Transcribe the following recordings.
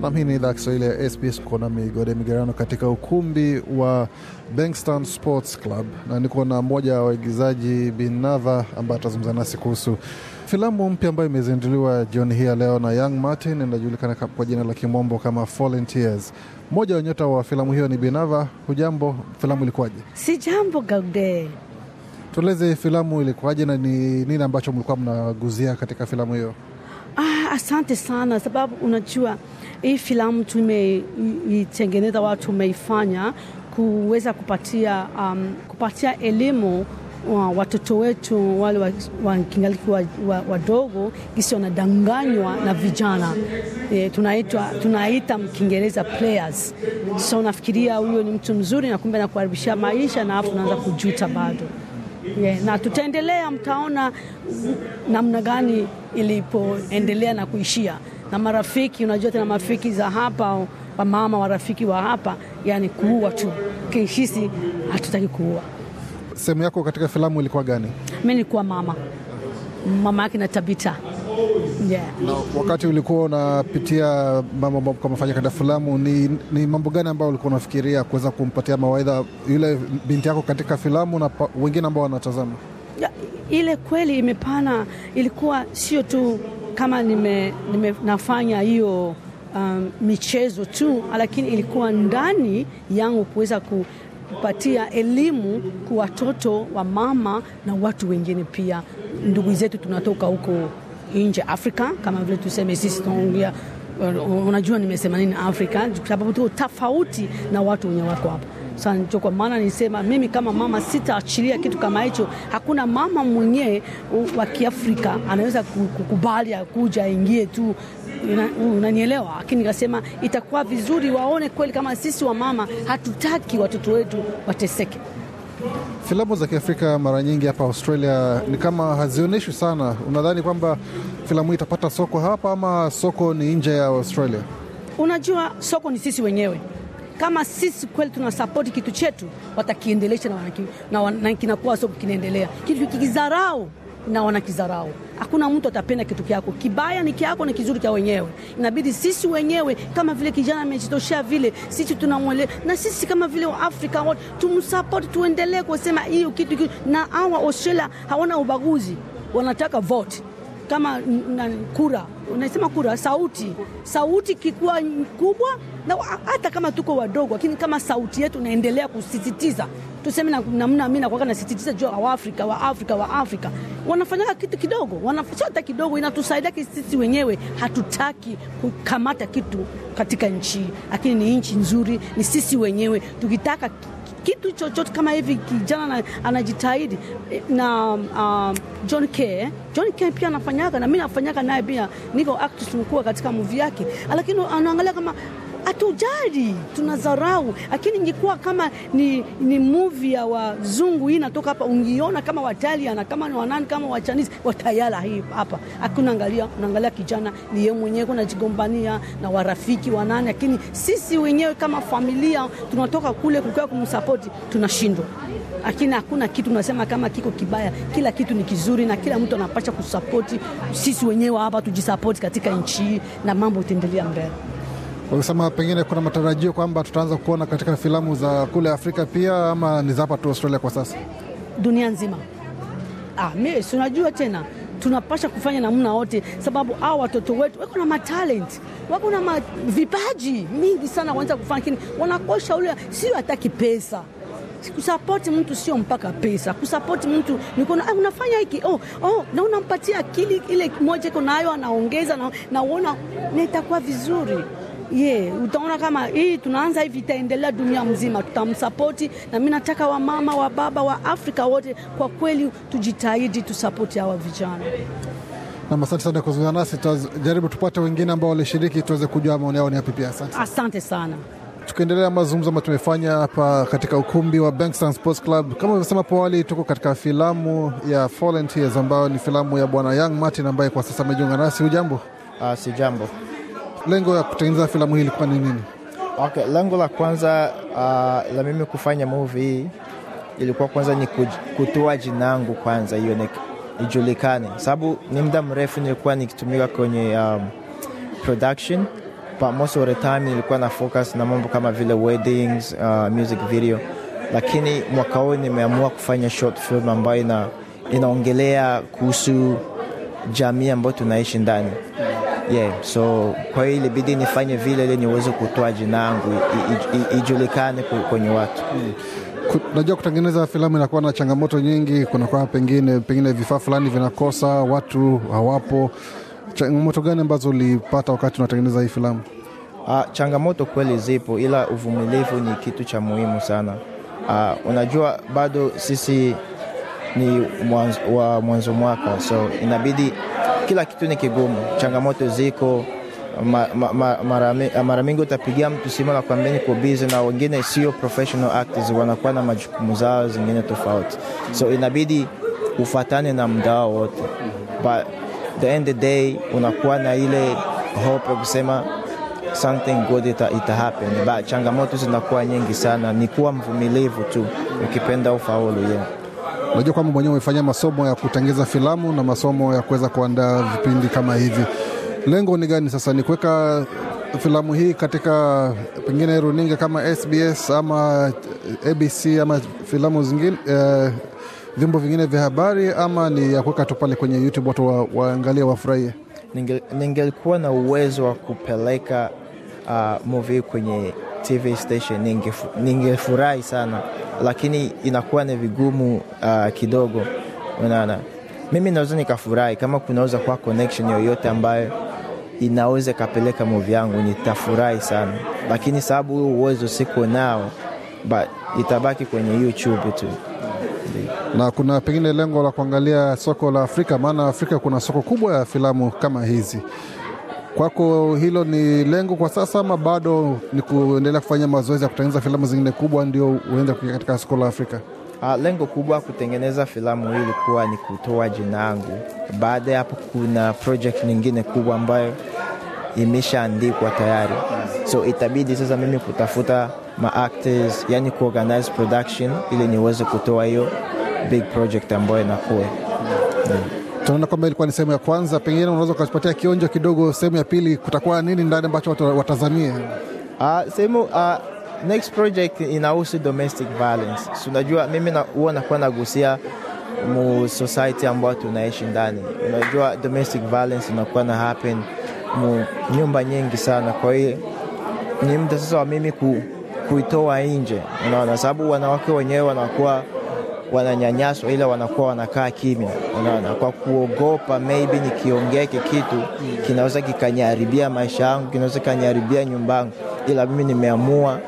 Nam, hii ni idhaa Kiswahili ya SBS kuko na migode migerano katika ukumbi wa Bankstown Sports Club, na niko na mmoja wa waigizaji Binava ambaye atazungumza nasi kuhusu filamu mpya ambayo imezinduliwa jioni hii ya leo na Young Martin, inajulikana kwa jina la kimombo kama volunteers Mmoja wa nyota wa filamu hiyo ni Binava. Hujambo, filamu ilikuwaje? Si jambo Gaude, tueleze filamu ilikuwaje na ni nini ambacho mlikuwa mnaguzia katika filamu hiyo? Ah, asante sana sababu unajua hii filamu tumeitengeneza watu tumeifanya kuweza kupatia, um, kupatia elimu wa watoto wetu wale wakingaliki wa, wa, wadogo kisi wanadanganywa na vijana e, tunaitwa tunaita mkiingereza players. So nafikiria huyo ni mtu mzuri na kumbe nakuharibishia maisha na afu unaanza kujuta bado yeah, na tutaendelea, mtaona namna gani ilipoendelea na kuishia na marafiki. Unajua tena marafiki za hapa mama wa rafiki wa hapa, yani kuua tu kishisi, hatutaki kuua. Sehemu yako katika filamu ilikuwa gani? Mi nilikuwa mama mama yake na Tabita yeah. Na wakati ulikuwa unapitia mambo kwa mafanya katika filamu, ni, ni mambo gani ambayo ulikuwa unafikiria kuweza kumpatia mawaidha yule binti yako katika filamu na wengine ambao wanatazama? Yeah, ile kweli imepana, ilikuwa sio tu kama nime, nime nafanya hiyo um, michezo tu, lakini ilikuwa ndani yangu kuweza ku kupatia elimu kwa watoto wa mama na watu wengine pia, ndugu zetu tunatoka huko nje Afrika, kama vile tuseme sisi tunaongea, uh, unajua nimesema nini Afrika, sababu tu tofauti na watu wenye wako hapa sasa kwa maana nisema mimi kama mama sitaachilia kitu kama hicho. Hakuna mama mwenyewe wa Kiafrika anaweza kukubali kuja aingie tu, unanielewa una, lakini nikasema itakuwa vizuri waone kweli kama sisi wa mama hatutaki watoto wetu wateseke. Filamu za Kiafrika mara nyingi hapa Australia ni kama hazionyeshwi sana. Unadhani kwamba filamu itapata soko hapa ama soko ni nje ya Australia? Unajua, soko ni sisi wenyewe. Kama sisi kweli tunasapoti kitu chetu, watakiendelesha na, na kinakuwa soko kinaendelea. Kitu kikizarau na wanakizarau. Hakuna mtu atapenda kitu kyako. Kibaya ni kyako na kizuri cha wenyewe. Inabidi sisi wenyewe kama vile kijana amejitoshea vile, sisi tunamwele na sisi kama vile Waafrika wote tumsupport, tuendelee kusema hiyo kitu, kitu. Na hawa Australia hawana ubaguzi, wanataka vote kama kura, unasema kura, sauti sauti kikuwa kubwa, na hata kama tuko wadogo, lakini kama sauti yetu naendelea kusisitiza tuseme namna mimi nakuwa nasisitiza juu wa Afrika wa Afrika wa Afrika wanafanya kitu kidogo, wanafanya hata kidogo, inatusaidia sisi wenyewe. Hatutaki kukamata kitu katika nchi, lakini ni nchi nzuri, ni sisi wenyewe tukitaka kitu chochote kama hivi, kijana anajitahidi na um, John K. John K pia anafanyaga na mimi nafanyaga naye pia, niko actress mkuu katika movie yake, lakini anaangalia kama hatujali, tunadharau. Lakini ingekuwa kama ni, ni muvi ya wazungu hii inatoka hapa, ungiona kama wataliana kama ni wanani kama wachanisi watayala hii hapa, akuna unaangalia kijana ni yeye mwenyewe kunajigombania na warafiki wanani, lakini sisi wenyewe kama familia tunatoka kule kukiwa kumsapoti, tunashindwa lakini hakuna kitu nasema kama kiko kibaya, kila kitu ni kizuri na kila mtu anapasha kusapoti. Sisi wenyewe hapa tujisapoti katika nchi hii na mambo itaendelea mbele wakisema pengine kuna matarajio kwamba tutaanza kuona katika filamu za kule Afrika pia ama ni zapa tu Australia kwa sasa? Dunia nzima. Ah, mi si unajua tena tunapasha kufanya namna wote, sababu hao watoto wetu wako na matalent, wako na ma, vipaji mingi sana wanaweza kufanya, lakini wanakosha ule, sio hataki pesa kusapoti mtu sio mpaka pesa. Kusapoti mtu nikona ah, unafanya hiki oh, oh, na unampatia akili ile moja iko nayo anaongeza na, na uona na itakuwa vizuri yeah. Utaona kama hii tunaanza hivi itaendelea dunia mzima, tutamsapoti na mimi nataka wamama wa baba wa Afrika wote kwa kweli tujitahidi tusapoti hawa vijana. Nam, asante sana kuzungumza nasi. Tutajaribu tupate wengine ambao walishiriki tuweze kujua maoni yao ni yapi pia. Asante, asante sana. Tukiendelea mazungumzo ambayo tumefanya hapa katika ukumbi wa Bankstown Sports Club, kama ulivyosema hapo awali, tuko katika filamu ya Fallen Tears ambayo ni filamu ya bwana Young Martin ambaye kwa sasa amejiunga nasi. Hujambo? Uh, si jambo. Lengo ya kutengeneza filamu hii ilikuwa ni nini? Okay, lengo la kwanza uh, la mimi kufanya movie hii ilikuwa kwanza ni kutoa jina kwanza, hiyo ijulikane, sababu ni muda mrefu nilikuwa nikitumika kwenye um, production but most of the time nilikuwa na focus na mambo kama vile weddings, uh, music video, lakini mwaka huu nimeamua kufanya short film ambayo ina, inaongelea kuhusu jamii ambayo tunaishi ndani yeah. So kwa hiyo ilibidi nifanye vile ili niweze kutoa jina langu ijulikane kwenye watu mm. Unajua, kutengeneza filamu inakuwa na changamoto nyingi. Kunakuwa pengine pengine vifaa fulani vinakosa, watu hawapo. Changamoto gani ambazo ulipata wakati unatengeneza hii filamu? Ah, changamoto kweli zipo, ila uvumilivu ni kitu cha muhimu sana. Ah, unajua bado sisi ni mwanzo, wa mwanzo mwaka, so inabidi kila kitu ni kigumu, changamoto ziko ma, ma, ma, mara mingi utapigia mtu simu na kuambia niko busy, na wengine sio professional actors, wanakuwa na majukumu zao zingine tofauti, so inabidi ufatane na mdao wote, but the end the day unakuwa na ile hope kusema something good ita, ita happen, but changamoto zinakuwa nyingi sana. Ni kuwa mvumilivu tu, ukipenda ufaulu yeah. Unajua kwamba mwenyewe umefanya masomo ya kutengeza filamu na masomo ya kuweza kuandaa vipindi kama hivi, lengo ni gani sasa? Ni kuweka filamu hii katika pengine runinga kama SBS ama ABC ama filamu zingine eh, vyombo vingine vya habari ama ni ya kuweka tu pale kwenye YouTube watu wa, waangalie wafurahie? Ningelikuwa na uwezo wa kupeleka uh, movie kwenye TV station ningefurahi ninge sana lakini inakuwa ni vigumu uh, kidogo. Unaona, mimi naweza nikafurahi kama kunaweza kuwa connection yoyote ambayo inaweza kapeleka movie yangu, nitafurahi sana, lakini sababu huo uwezo siko nao, but itabaki kwenye YouTube tu na kuna pengine lengo la kuangalia soko la Afrika, maana Afrika kuna soko kubwa ya filamu kama hizi. Kwako hilo ni lengo kwa sasa ama bado ni kuendelea kufanya mazoezi ya kutengeneza filamu zingine kubwa ndio uende kuingia katika soko la Afrika? Uh, lengo kubwa kutengeneza filamu hii ilikuwa ni kutoa jina langu. Baada ya hapo, kuna project nyingine kubwa ambayo imeshaandikwa tayari, so itabidi sasa mimi kutafuta ma actors, yani kuorganize production ili niweze kutoa hiyo big project ambayo inakuwa mm tunaona kwamba ilikuwa ni sehemu ya kwanza, pengine unaweza ukapatia kionjo kidogo, sehemu ya pili kutakuwa nini ndani ambacho watu watazamia? Uh, ah, sehemu uh, next project inahusu domestic violence. Unajua mimi huwa na, nakuwa nagusia mu society ambayo tunaishi ndani. Unajua domestic violence inakuwa na happen mu nyumba nyingi sana, kwa hiyo ni muda sasa wa mimi ku, kuitoa nje, unaona, sababu wanawake wenyewe wanakuwa wananyanyaswa, ila wanakuwa wanakaa kimya, unaona, kwa kuogopa maybe nikiongeke kitu kinaweza kikaniharibia maisha yangu, kinaweza kikaniharibia nyumbangu, ila mimi nimeamua,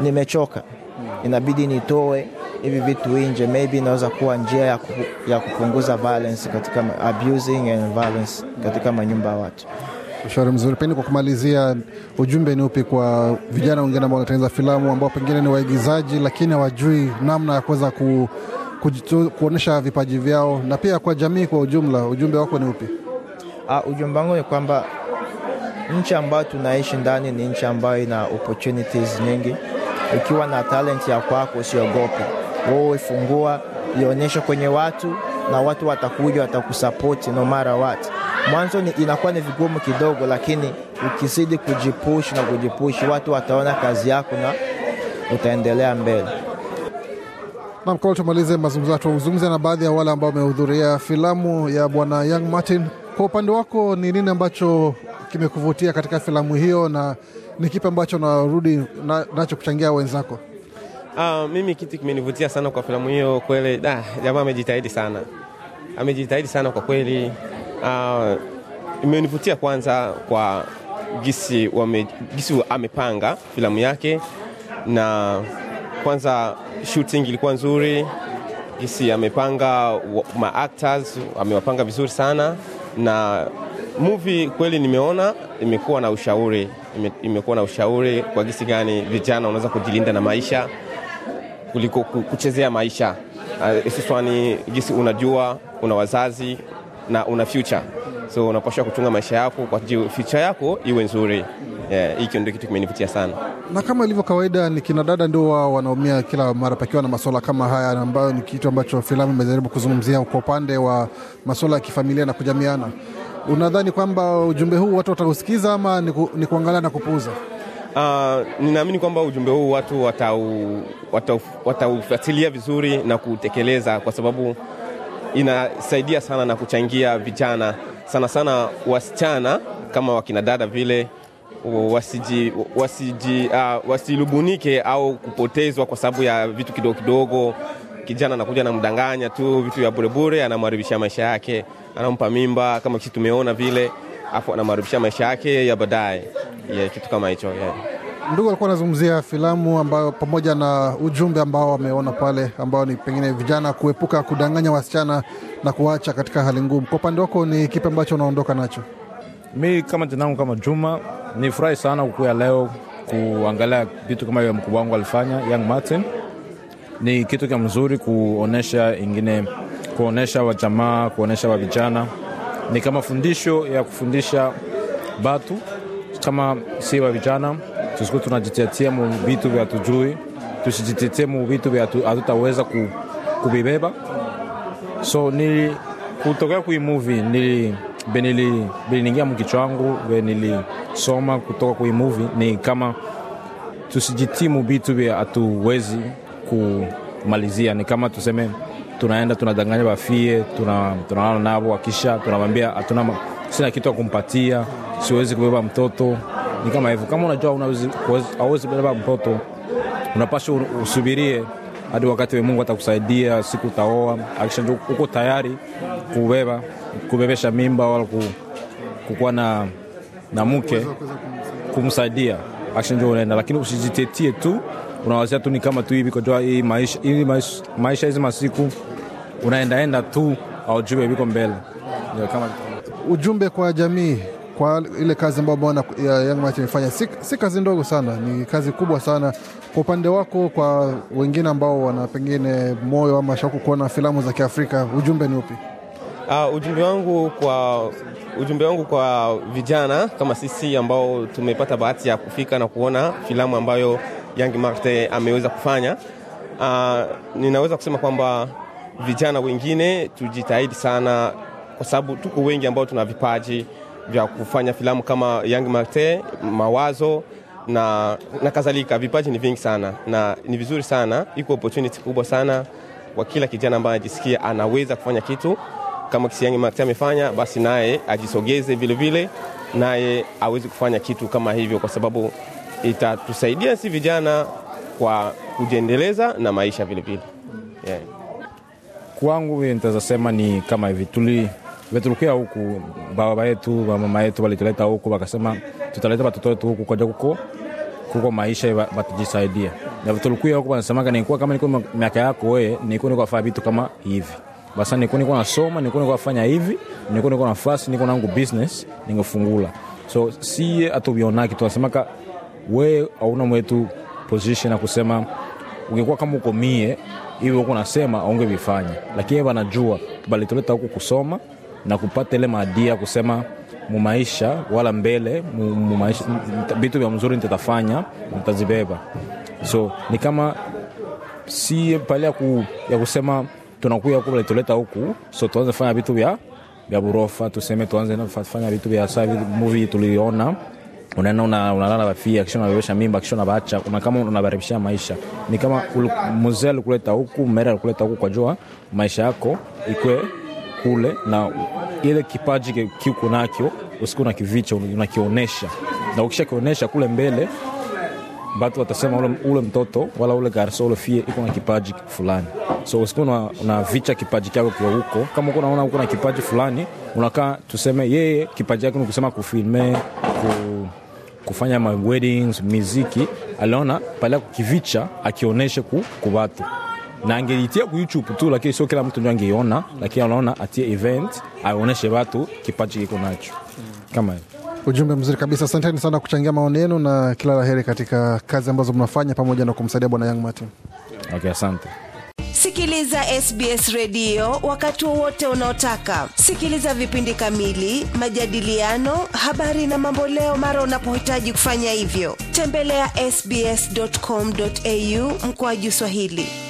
nimechoka, inabidi nitoe hivi vitu nje. Maybe inaweza kuwa njia ya, ku, ya kupunguza violence katika abusing and violence katika manyumba ya watu. Ushauri mzuri. Pengine kwa kumalizia, ujumbe ni upi kwa vijana wengine ambao wanatengeneza filamu ambao pengine ni waigizaji lakini hawajui namna ya kuweza ku, ku, kuonyesha vipaji vyao na pia kwa jamii kwa ujumla, ujumbe wako ni upi? Uh, ujumbe wangu ni kwamba nchi ambayo tunaishi ndani ni nchi ambayo ina opportunities nyingi. Ukiwa na talent ya kwako, usiogope wewe, ifungua, ionyeshe kwenye watu na watu watakuja, watakusapoti no mara watu mwanzo ni inakuwa ni vigumu kidogo, lakini ukizidi kujipushi na kujipushi, watu wataona kazi yako na utaendelea mbele. Nam, kabla tumalize mazungumzo, tuzungumze na baadhi ya wale ambao wamehudhuria filamu ya bwana Young Martin. Kwa upande wako, ni nini ambacho kimekuvutia katika filamu hiyo na ni kipi ambacho narudi na, nacho kuchangia wenzako? Uh, mimi kitu kimenivutia sana kwa filamu hiyo kweli, jamaa amejitahidi sana, amejitahidi sana kwa kweli Uh, imenivutia kwanza kwa gisi, wame, gisi amepanga filamu yake, na kwanza shooting ilikuwa nzuri, gisi amepanga ma actors amewapanga vizuri sana, na movie kweli nimeona imekuwa na ushauri ime, imekuwa na ushauri kwa gisi gani vijana wanaweza kujilinda na maisha kuliko kuchezea maisha hususani uh, gisi unajua una wazazi na una future, so unapaswa kuchunga maisha yako kwa future yako iwe nzuri. Yeah, hiki ndio kitu kimenivutia sana. Na kama ilivyo kawaida, ni kina dada ndio wanaumia kila mara pakiwa na masuala kama haya, ambayo ni kitu ambacho filamu imejaribu kuzungumzia kwa upande wa masuala ya kifamilia na kujamiana. Unadhani kwamba ujumbe huu watu watausikiza ama ni, ku, ni kuangalia na kupuuza? Uh, ninaamini kwamba ujumbe huu watu watau, watau, watau vizuri na kutekeleza kwa sababu inasaidia sana na kuchangia vijana sana sana wasichana kama wakina dada vile wasiji, wasiji, uh, wasilubunike au kupotezwa kwa sababu ya vitu kidogo kidogo. Kijana anakuja anamdanganya tu vitu vya burebure, anamharibishia maisha yake, anampa mimba kama kisi tumeona vile, afu anamharibishia maisha yake ya baadaye, yeah, kitu kama hicho yeah. Ndugu alikuwa anazungumzia filamu ambayo pamoja na ujumbe ambao wameona pale, ambao ni pengine vijana kuepuka kudanganya wasichana na kuwacha katika hali ngumu. Kwa upande wako, ni kipi ambacho unaondoka nacho? Mi kama jinangu kama Juma, ni furahi sana kukuya leo kuangalia vitu kama hiyo mkubwa wangu alifanya Young Martin. Ni kitu kya mzuri kuonesha ingine, kuonesha wajamaa, kuonesha wa vijana, ni kama fundisho ya kufundisha batu kama si wa vijana tusiku tunajitetea mu vitu vya tujui, tusijitetee mu vitu vya hatutaweza ku, kubibeba. So nili kutokea kui movie nili benili biliningia mkichwa wangu nilisoma kutoka kui movie ni kama tusijitimu vitu vya hatuwezi kumalizia, ni kama tuseme tunaenda tunadanganya bafie tunaana tuna navo, akisha tunawambia hatuna sina kitu akumpatia siwezi kubeba mtoto ni kama hivyo, kama unajua hauwezi kubeba mtoto, unapasha usubirie hadi wakati we Mungu atakusaidia siku utaoa, akisha uko tayari kubeba kubebesha mimba wala kukuwa na, na mke kumsaidia akisha njo unaenda, lakini usijitetie tu unawazia tu ni kama tu hivi kujua hii maisha hii maisha, masiku unaendaenda tu aujue viko mbele. Ndio kama ujumbe kwa jamii kwa ile kazi ambayo umeona ya Young Match imefanya si, si kazi ndogo sana, ni kazi kubwa sana kwa upande wako. Kwa wengine ambao wana pengine moyo ama shauku kuona filamu za Kiafrika, ujumbe ni upi? Uh, ujumbe wangu kwa ujumbe wangu kwa vijana kama sisi ambao tumepata bahati ya kufika na kuona filamu ambayo Young Marte ameweza kufanya, uh, ninaweza kusema kwamba vijana wengine tujitahidi sana, kwa sababu tuko wengi ambao tuna vipaji vya kufanya filamu kama Young Marte, Mawazo na, na kadhalika. Vipaji ni vingi sana na ni vizuri sana, iko opportunity kubwa sana kwa kila kijana ambaye anajisikia anaweza kufanya kitu kama Kisiangi Young amefanya, basi naye ajisogeze vilevile, naye aweze kufanya kitu kama hivyo, kwa sababu itatusaidia si vijana kwa kujiendeleza na maisha vilevile, yeah. Kwangu sema ni kama hivi tuli imeturukia huku, baba yetu mama yetu walituleta huku, wakasema tutaleta watoto wetu huku kwa huko kuko maisha watujisaidia. Na vitulukia huku wanasemaka, nilikuwa kama nilikuwa miaka yako wewe, nilikuwa niko afanya vitu kama hivi basa, nilikuwa niko nasoma, nilikuwa niko afanya hivi, nilikuwa niko nafasi, niko nangu business ningefungula. So si sie hatuvionaki, tunasemaka we hauna mwetu position na kusema ungekuwa kama uko mie hivi uko nasema aungevifanya, lakini wanajua tuleta huku kusoma na kupata ile maadili ya kusema mumaisha wala mbele mumaisha, vitu vya mzuri nitatafanya nitazibeba. So ni kama si pale ya, ku, ya kusema tunakuya tuleta huku, so tuanze fanya vitu vya vya burofa, tuseme tuanze fanya vitu vya sa Movie tuliona unaenda unalala bafia kisha unabebesha mimba kisha unabacha una kama unabaribishia maisha. Ni kama mzee alikuleta huku, mera alikuleta huku kwa jua maisha yako ikwe kule, na ile kipaji kiko nacho usiku na kivicha, unakionyesha na ukishakionyesha kule mbele, batu watasema ule, ule mtoto wala ule garso ule fie iko na kipaji fulani. So usiku na, una vicha kipaji chako kio huko, kama uko naona uko na kipaji fulani, unakaa tuseme yeye kipaji yake ni kusema kufilme ku, kufanya ma weddings muziki, aliona pale kukivicha, akionyeshe ku, ku watu na angelitia ku YouTube tu, lakini sio kila mtu ndio angeiona, lakini anaona atie event aoneshe watu kipaji kiko nacho kama hiyo. Ujumbe mzuri kabisa, asanteni sana kuchangia maoni yenu na kila la heri katika kazi ambazo mnafanya pamoja na kumsaidia bwana Young Martin. Okay, asante. Sikiliza SBS redio wakati wowote unaotaka. Sikiliza vipindi kamili, majadiliano, habari na mambo leo mara unapohitaji kufanya hivyo. Tembelea ya sbs.com.au mkoaju Swahili.